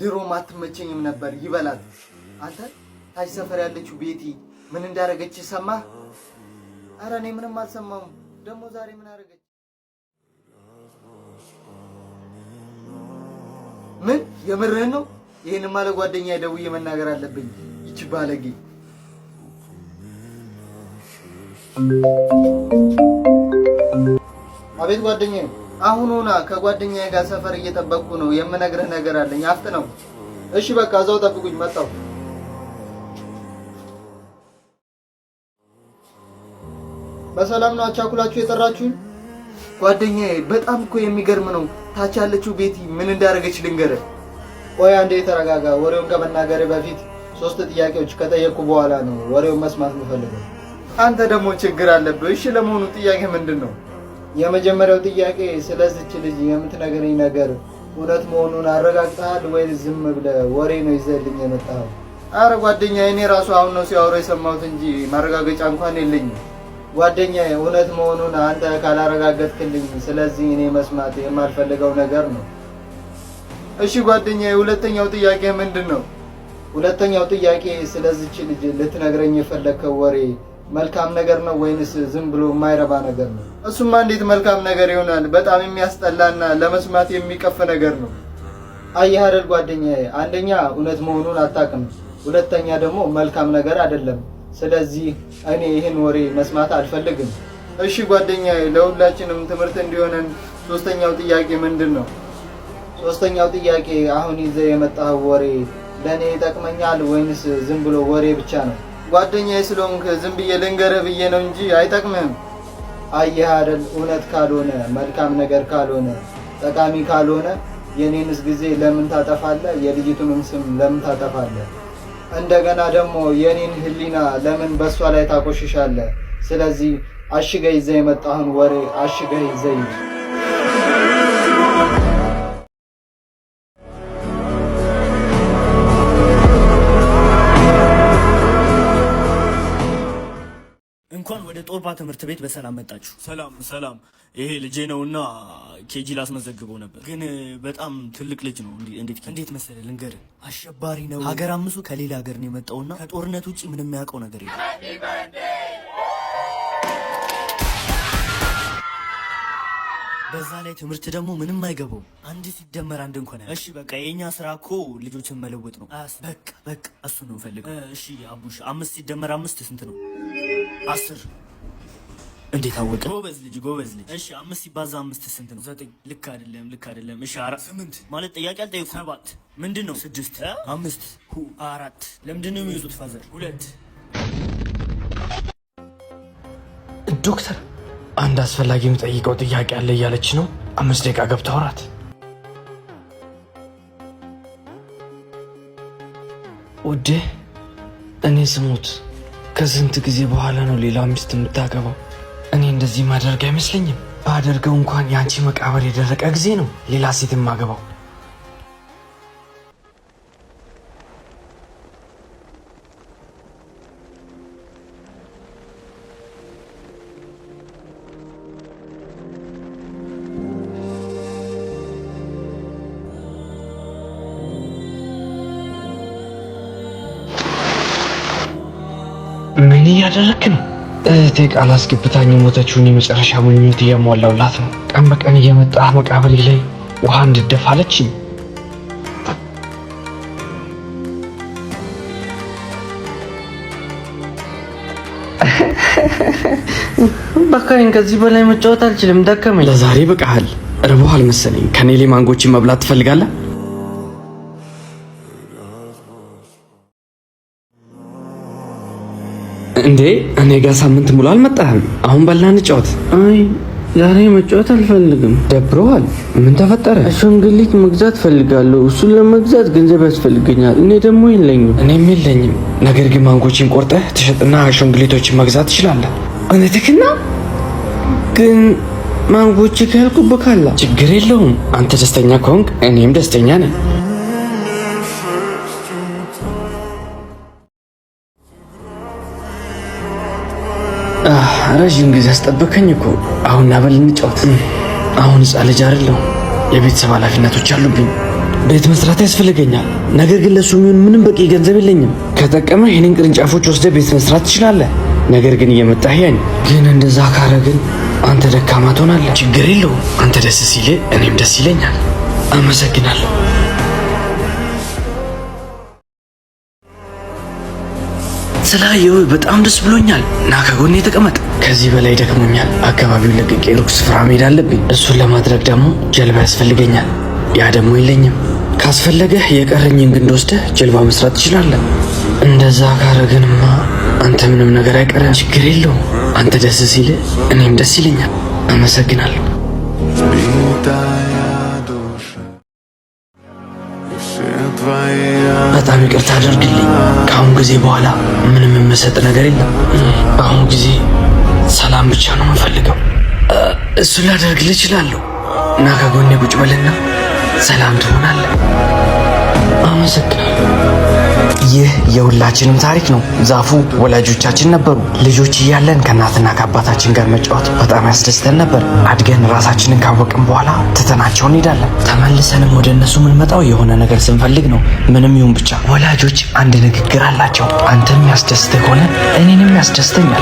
ድሮም አትመቸኝም ነበር ይበላል። አንተ ታች ሰፈር ያለችው ቤቲ ምን እንዳደረገች ይሰማ? አረ እኔ ምንም አልሰማም። ደግሞ ዛሬ ምን አደረገች? ምን የምርህን ነው? ይህንማ ጓደኛ ደውዬ መናገር አለብኝ። ይቺ ባለጌ አቤት ጓደኛ ነው አሁኑና ከጓደኛዬ ጋር ሰፈር እየጠበቅኩ ነው። የምነግርህ ነገር አለኝ። አፍጥ ነው። እሺ በቃ እዛው ጠብቁኝ፣ መጣሁ። በሰላም ነው አቻኩላችሁ የጠራችሁኝ? ጓደኛዬ በጣም እኮ የሚገርም ነው። ታች ያለችው ቤቲ ምን እንዳደረገች ልንገርህ። ቆይ አንዴ ተረጋጋ ወሬውን ከመናገር በፊት ሶስት ጥያቄዎች ከጠየቅኩ በኋላ ነው ወሬውን መስማት የምፈልገው። አንተ ደግሞ ችግር አለብህ። እሺ ለመሆኑ ጥያቄ ምንድን ነው? የመጀመሪያው ጥያቄ ስለዚች ልጅ የምትነግረኝ ነገር እውነት መሆኑን አረጋግጠሃል ወይ? ዝም ብለህ ወሬ ነው ይዘህልኝ የመጣኸው? አረ ጓደኛ፣ እኔ ራሱ አሁን ነው ሲያወሩ የሰማሁት እንጂ ማረጋገጫ እንኳን የለኝም። ጓደኛ፣ እውነት መሆኑን አንተ ካላረጋገጥክልኝ፣ ስለዚህ እኔ መስማት የማልፈልገው ነገር ነው። እሺ ጓደኛ፣ ሁለተኛው ጥያቄ ምንድን ነው? ሁለተኛው ጥያቄ ስለዚች ልጅ ልትነግረኝ የፈለግከው ወሬ መልካም ነገር ነው ወይንስ ዝም ብሎ የማይረባ ነገር ነው? እሱማ እንዴት መልካም ነገር ይሆናል? በጣም የሚያስጠላና ለመስማት የሚቀፍ ነገር ነው። አየህ አይደል ጓደኛዬ፣ አንደኛ እውነት መሆኑን አታውቅም፣ ሁለተኛ ደግሞ መልካም ነገር አይደለም። ስለዚህ እኔ ይህን ወሬ መስማት አልፈልግም። እሺ ጓደኛዬ፣ ለሁላችንም ትምህርት እንዲሆነን ሶስተኛው ጥያቄ ምንድን ነው? ሶስተኛው ጥያቄ አሁን ይዘህ የመጣኸው ወሬ ለእኔ ይጠቅመኛል ወይንስ ዝም ብሎ ወሬ ብቻ ነው? ጓደኛዬ ስለሆንክ ዝም ብዬ ልንገረ ብዬ ነው እንጂ አይጠቅምም አየህ አይደል እውነት ካልሆነ መልካም ነገር ካልሆነ ጠቃሚ ካልሆነ የኔንስ ጊዜ ለምን ታጠፋለህ? የልጅቱንም ስም ለምን ታጠፋለህ? እንደገና ደግሞ የኔን ህሊና ለምን በእሷ ላይ ታቆሽሻለህ? ስለዚህ አሽገህ ይዘህ የመጣህን ወሬ አሽገህ ይዘህ ቶፓ ትምህርት ቤት በሰላም መጣችሁ። ሰላም ሰላም። ይሄ ልጄ ነውና ኬጂ ላስመዘግበው ነበር፣ ግን በጣም ትልቅ ልጅ ነው። እንዴት እንዴት መሰለህ ልንገርህ፣ አሸባሪ ነው። ሀገር አምሱ ከሌላ ሀገር ነው የመጣውና ከጦርነት ውጭ ምንም የሚያውቀው ነገር የለም። በዛ ላይ ትምህርት ደግሞ ምንም አይገባውም። አንድ ሲደመር አንድ እንኳን። እሺ በቃ የኛ ስራ እኮ ልጆችን መለወጥ ነው። በቃ በቃ እሱ ነው ፈልገው። እሺ አቡሽ፣ አምስት ሲደመር አምስት ስንት ነው? አስር እንዴት አወቀ? ጎበዝ ልጅ ጎበዝ ልጅ። እሺ አምስት ሲባዛ አምስት ስንት ነው? ዘጠኝ። ልክ አይደለም፣ ልክ አይደለም። እሺ አራት ስምንት ማለት ጥያቄ አልጠየኩም። ሰባት ምንድን ነው? ስድስት አምስት አራት ለምንድን ነው የሚይዙት? ፋዘር ሁለት። ዶክተር አንድ አስፈላጊ የምጠይቀው ጥያቄ አለ እያለች ነው። አምስት ደቂቃ ገብታ አውራት። ውዴ እኔ ስሞት ከስንት ጊዜ በኋላ ነው ሌላ ሚስት የምታገባው? እኔ እንደዚህ ማደርግ አይመስለኝም። ባደርገው እንኳን የአንቺ መቃብር የደረቀ ጊዜ ነው ሌላ ሴት የማገባው። ምን እያደረክ ነው? እህቴ ቃል አስገብታኝ የሞተችውን የመጨረሻ ምኞት እያሟላውላት ነው። ቀን በቀን እየመጣ መቃብሬ ላይ ውሃ እንድደፋ በካኝ ከዚህ በላይ መጫወት አልችልም፣ ደከመኝ። ለዛሬ በቃሃል፣ ርቦሃል መሰለኝ። ከኔ ሌማንጎችን መብላት ትፈልጋለህ? እንዴ እኔ ጋር ሳምንት ሙሉ አልመጣህም። አሁን በላን ጫወት። አይ ዛሬ መጫወት አልፈልግም፣ ደብረዋል። ምን ተፈጠረ? አሻንጉሊት መግዛት ፈልጋለሁ። እሱን ለመግዛት ገንዘብ ያስፈልገኛል። እኔ ደግሞ የለኝም። እኔም የለኝም። ነገር ግን ማንጎችን ቆርጠህ ትሸጥና አሻንጉሊቶችን መግዛት ትችላለህ። እነትክና ግን ማንጎች ካልኩብካላ ችግር የለውም። አንተ ደስተኛ ከሆንክ እኔም ደስተኛ ነኝ። ረዥም ጊዜ አስጠበከኝ እኮ። አሁን ናበል እንጫወት። አሁን ህፃን ልጅ አይደለሁ። የቤተሰብ ኃላፊነቶች አሉብኝ። ቤት መስራት ያስፈልገኛል። ነገር ግን ለሱ የሚሆን ምንም በቂ ገንዘብ የለኝም። ከጠቀመ ይህንን ቅርንጫፎች ወስደ ቤት መስራት ትችላለህ። ነገር ግን እየመጣ ያኝ ግን እንደዛ ካረ ግን አንተ ደካማ ትሆናለህ። ችግር የለውም። አንተ ደስ ሲል እኔም ደስ ይለኛል። አመሰግናለሁ። ስላየው በጣም ደስ ብሎኛል እና ከጎኔ ተቀመጥ። ከዚህ በላይ ደክሞኛል። አካባቢውን ለቅቄ ሉክስ ስፍራ መሄድ አለብኝ። እሱን ለማድረግ ደግሞ ጀልባ ያስፈልገኛል። ያ ደግሞ የለኝም። ካስፈለገህ የቀረኝን ግንድ ወስደህ ጀልባ መስራት ትችላለህ። እንደዛ ካረግንማ አንተ ምንም ነገር አይቀረም ችግር የለውም። አንተ ደስ ሲል እኔም ደስ ይለኛል። አመሰግናለሁ። በጣም ይቅርታ አድርግልኝ። ከአሁኑ ጊዜ በኋላ ምንም የምሰጥ ነገር የለም። በአሁኑ ጊዜ ሰላም ብቻ ነው የምፈልገው። እሱን ላደርግልህ እችላለሁ እና ከጎኔ ቁጭ በልና ሰላም ትሆናለ። አመሰግናለሁ። ይህ የሁላችንም ታሪክ ነው። ዛፉ ወላጆቻችን ነበሩ። ልጆች እያለን ከእናትና ከአባታችን ጋር መጫወት በጣም ያስደስተን ነበር። አድገን ራሳችንን ካወቅን በኋላ ትተናቸው እንሄዳለን። ተመልሰንም ወደ እነሱ የምንመጣው የሆነ ነገር ስንፈልግ ነው። ምንም ይሁን ብቻ ወላጆች አንድ ንግግር አላቸው። አንተም ያስደስተ ከሆነ እኔንም ያስደስተኛል።